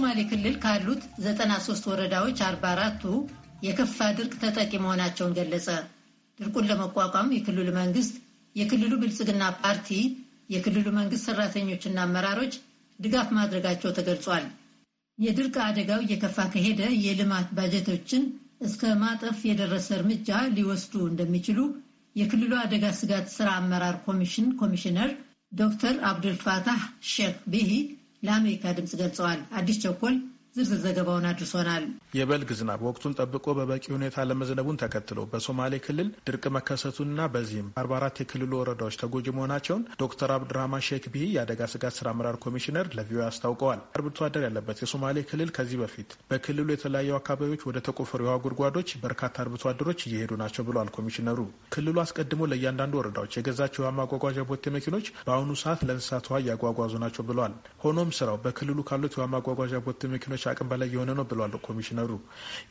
በሶማሌ ክልል ካሉት 93 ወረዳዎች 44ቱ የከፋ ድርቅ ተጠቂ መሆናቸውን ገለጸ። ድርቁን ለመቋቋም የክልሉ መንግስት፣ የክልሉ ብልጽግና ፓርቲ፣ የክልሉ መንግስት ሰራተኞችና አመራሮች ድጋፍ ማድረጋቸው ተገልጿል። የድርቅ አደጋው እየከፋ ከሄደ የልማት ባጀቶችን እስከ ማጠፍ የደረሰ እርምጃ ሊወስዱ እንደሚችሉ የክልሉ አደጋ ስጋት ስራ አመራር ኮሚሽን ኮሚሽነር ዶክተር አብዱልፋታህ ሼክ ቢሂ ለአሜሪካ ድምፅ ገልጸዋል። አዲስ ቸኮል ዝርዝር ዘገባውን አድርሶናል። የበልግ ዝናብ ወቅቱን ጠብቆ በበቂ ሁኔታ ለመዝነቡን ተከትሎ በሶማሌ ክልል ድርቅ መከሰቱንና በዚህም 44 የክልሉ ወረዳዎች ተጎጂ መሆናቸውን ዶክተር አብድራህማን ሼክ ቢሂ የአደጋ ስጋት ስራ አመራር ኮሚሽነር ለቪኦኤ አስታውቀዋል። አርብቶ አደር ያለበት የሶማሌ ክልል ከዚህ በፊት በክልሉ የተለያዩ አካባቢዎች ወደ ተቆፈሩ የውሃ ጉድጓዶች በርካታ አርብቶ አደሮች እየሄዱ ናቸው ብለዋል ኮሚሽነሩ። ክልሉ አስቀድሞ ለእያንዳንዱ ወረዳዎች የገዛቸው ውሃ ማጓጓዣ ቦቴ መኪኖች በአሁኑ ሰዓት ለእንስሳት ውሃ እያጓጓዙ ናቸው ብለዋል። ሆኖም ስራው በክልሉ ካሉት የውሃ ማጓጓዣ ቦቴ መኪኖች አቅም በላይ የሆነ ነው ብሏል ኮሚሽነሩ።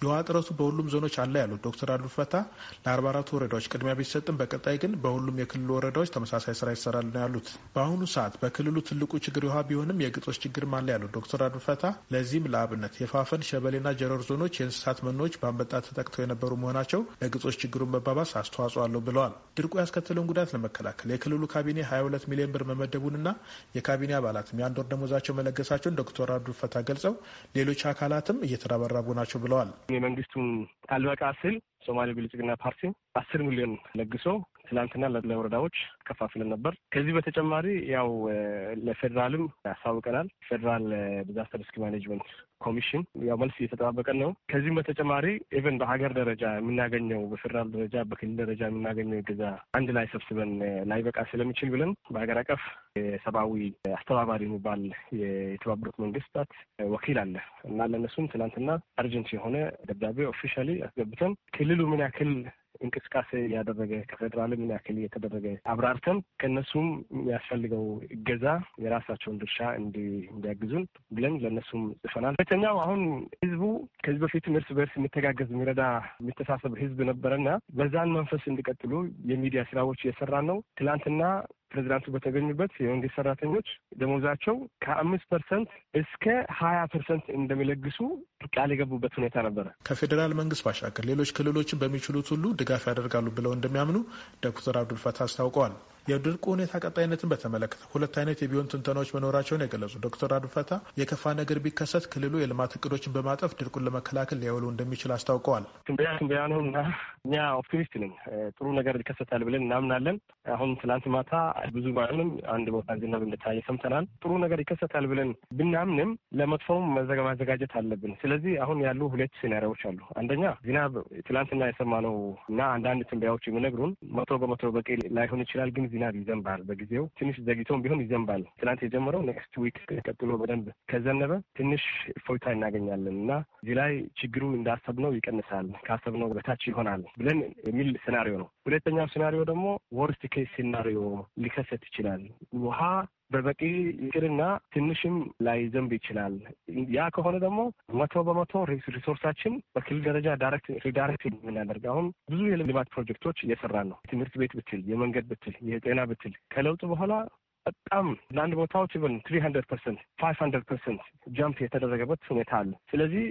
የውሃ እጥረቱ በሁሉም ዞኖች አለ ያሉት ዶክተር አብዱል ፈታህ ለ44 ወረዳዎች ቅድሚያ ቢሰጥም በቀጣይ ግን በሁሉም የክልሉ ወረዳዎች ተመሳሳይ ስራ ይሰራል ነው ያሉት። በአሁኑ ሰዓት በክልሉ ትልቁ ችግር ውሃ ቢሆንም የግጦሽ ችግርም አለ ያሉት ዶክተር አብዱል ለዚህም ለአብነት የፋፈን ሸበሌና ጀረር ዞኖች የእንስሳት መኖዎች በአንበጣ ተጠቅተው የነበሩ መሆናቸው ለግጦሽ ችግሩን መባባስ አስተዋጽኦ አለው ብለዋል። ድርቁ ያስከተለውን ጉዳት ለመከላከል የክልሉ ካቢኔ 22 ሚሊዮን ብር መመደቡንና የካቢኔ አባላትም የአንድ ወር ደሞዛቸው መለገሳቸውን ዶክተር አብዱል ገልጸው ሌሎች አካላትም እየተረበረቡ ናቸው ብለዋል። የመንግስቱን አልበቃ ስል ሶማሌ ብልጽግና ፓርቲ አስር ሚሊዮን ለግሶ ትናንትና ለወረዳዎች ከፋፍለን ነበር። ከዚህ በተጨማሪ ያው ለፌዴራልም ያሳውቀናል። ፌዴራል ዲዛስተር ሪስክ ማኔጅመንት ኮሚሽን ያው መልስ እየተጠባበቀን ነው። ከዚህም በተጨማሪ ኢቨን በሀገር ደረጃ የምናገኘው በፌዴራል ደረጃ በክልል ደረጃ የምናገኘው እገዛ አንድ ላይ ሰብስበን ላይበቃ ስለሚችል ብለን በሀገር አቀፍ የሰብአዊ አስተባባሪ የሚባል የተባበሩት መንግስታት ወኪል አለ እና ለእነሱም ትናንትና አርጀንት የሆነ ደብዳቤ ኦፊሻሊ አስገብተን ክልሉ ምን ያክል እንቅስቃሴ እያደረገ ከፌዴራል ምን ያክል እየተደረገ አብራርተን ከእነሱም የሚያስፈልገው እገዛ የራሳቸውን ድርሻ እንዲያግዙን ብለን ለእነሱም ጽፈናል። ሁለተኛው አሁን ህዝቡ ከዚህ በፊትም እርስ በርስ የሚተጋገዝ የሚረዳ፣ የሚተሳሰብ ህዝብ ነበረና በዛን መንፈስ እንዲቀጥሉ የሚዲያ ስራዎች እየሰራን ነው። ትላንትና ፕሬዚዳንቱ በተገኙበት የመንግስት ሰራተኞች ደሞዛቸው ከአምስት ፐርሰንት እስከ ሀያ ፐርሰንት እንደሚለግሱ ቃል የገቡበት ሁኔታ ነበረ። ከፌዴራል መንግስት ባሻገር ሌሎች ክልሎችን በሚችሉት ሁሉ ድጋፍ ያደርጋሉ ብለው እንደሚያምኑ ዶክተር አብዱልፈታ አስታውቀዋል። የድርቁ ሁኔታ ቀጣይነትን በተመለከተ ሁለት አይነት የቢሆን ትንተናዎች መኖራቸውን የገለጹ ዶክተር አዱፈታ የከፋ ነገር ቢከሰት ክልሉ የልማት እቅዶችን በማጠፍ ድርቁን ለመከላከል ሊያውሉ እንደሚችል አስታውቀዋል። ትንበያ ትንበያ ነው እና እኛ ኦፕቲሚስት ነን። ጥሩ ነገር ይከሰታል ብለን እናምናለን። አሁን ትላንት ማታ ብዙ ባይሆንም አንድ ቦታ ዝናብ እንደታየ ሰምተናል። ጥሩ ነገር ይከሰታል ብለን ብናምንም ለመጥፎም ማዘጋጀት አለብን። ስለዚህ አሁን ያሉ ሁለት ሴናሪዎች አሉ። አንደኛ ዝናብ ትላንትና የሰማነው እና አንዳንድ ትንበያዎች የሚነግሩን መቶ በመቶ በቂ ላይሆን ይችላል ግን ዝናብ ይዘንባል። በጊዜው ትንሽ ዘግይቶም ቢሆን ይዘንባል። ትናንት የጀመረው ኔክስት ዊክ ቀጥሎ በደንብ ከዘነበ ትንሽ እፎይታ እናገኛለን እና እዚህ ላይ ችግሩ እንዳሰብነው ይቀንሳል፣ ካሰብነው በታች ይሆናል ብለን የሚል ሴናሪዮ ነው። ሁለተኛው ሴናሪዮ ደግሞ ወርስት ኬስ ሴናሪዮ ሊከሰት ይችላል ውሃ በበቂ ይቅርና ትንሽም ላይዘንብ ይችላል። ያ ከሆነ ደግሞ መቶ በመቶ ሪሶርሳችን በክልል ደረጃ ዳይሬክት ሪዳይሬክት የምናደርግ አሁን ብዙ የልማት ፕሮጀክቶች እየሰራን ነው። ትምህርት ቤት ብትል፣ የመንገድ ብትል፣ የጤና ብትል ከለውጥ በኋላ በጣም ለአንድ ቦታዎች ብን ትሪ ሀንድረድ ፐርሰንት ፋይቭ ሀንድረድ ፐርሰንት ጃምፕ የተደረገበት ሁኔታ አለ። ስለዚህ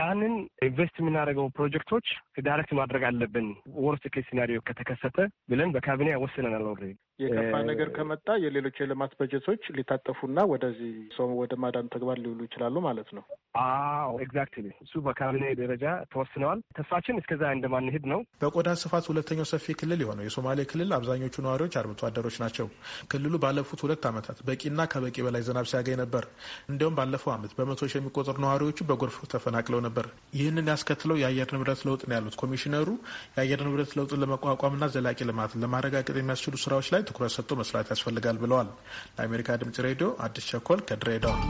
ያንን ኢንቨስት የምናደርገው ፕሮጀክቶች ዳይሬክት ማድረግ አለብን። ወርስት ኬስ ሲናሪዮ ከተከሰተ ብለን በካቢኔ ያወስነናል። ኦልሬዲ የከፋ ነገር ከመጣ የሌሎች የልማት በጀቶች ሊታጠፉና ወደዚህ ሰው ወደ ማዳን ተግባር ሊውሉ ይችላሉ ማለት ነው። አዎ ኤግዛክትሊ እሱ በካቢኔ ደረጃ ተወስነዋል። ተስፋችን እስከዛ እንደማንሄድ ነው። በቆዳ ስፋት ሁለተኛው ሰፊ ክልል የሆነው የሶማሌ ክልል አብዛኞቹ ነዋሪዎች አርብቶ አደሮች ናቸው። ክልሉ ባለፉት ሁለት ዓመታት በቂና ከበቂ በላይ ዝናብ ሲያገኝ ነበር። እንዲሁም ባለፈው ዓመት በመቶ ሺህ የሚቆጠሩ ነዋሪዎቹ በጎርፍ ተፈናቅለው ነበር። ይህንን ያስከትለው የአየር ንብረት ለውጥ ነው ያሉት ኮሚሽነሩ የአየር ንብረት ለውጥን ለመቋቋምና ዘላቂ ልማትን ለማረጋገጥ የሚያስችሉ ስራዎች ላይ ትኩረት ሰጥቶ መስራት ያስፈልጋል ብለዋል። ለአሜሪካ ድምጽ ሬዲዮ አዲስ ቸኮል ከድሬዳዋ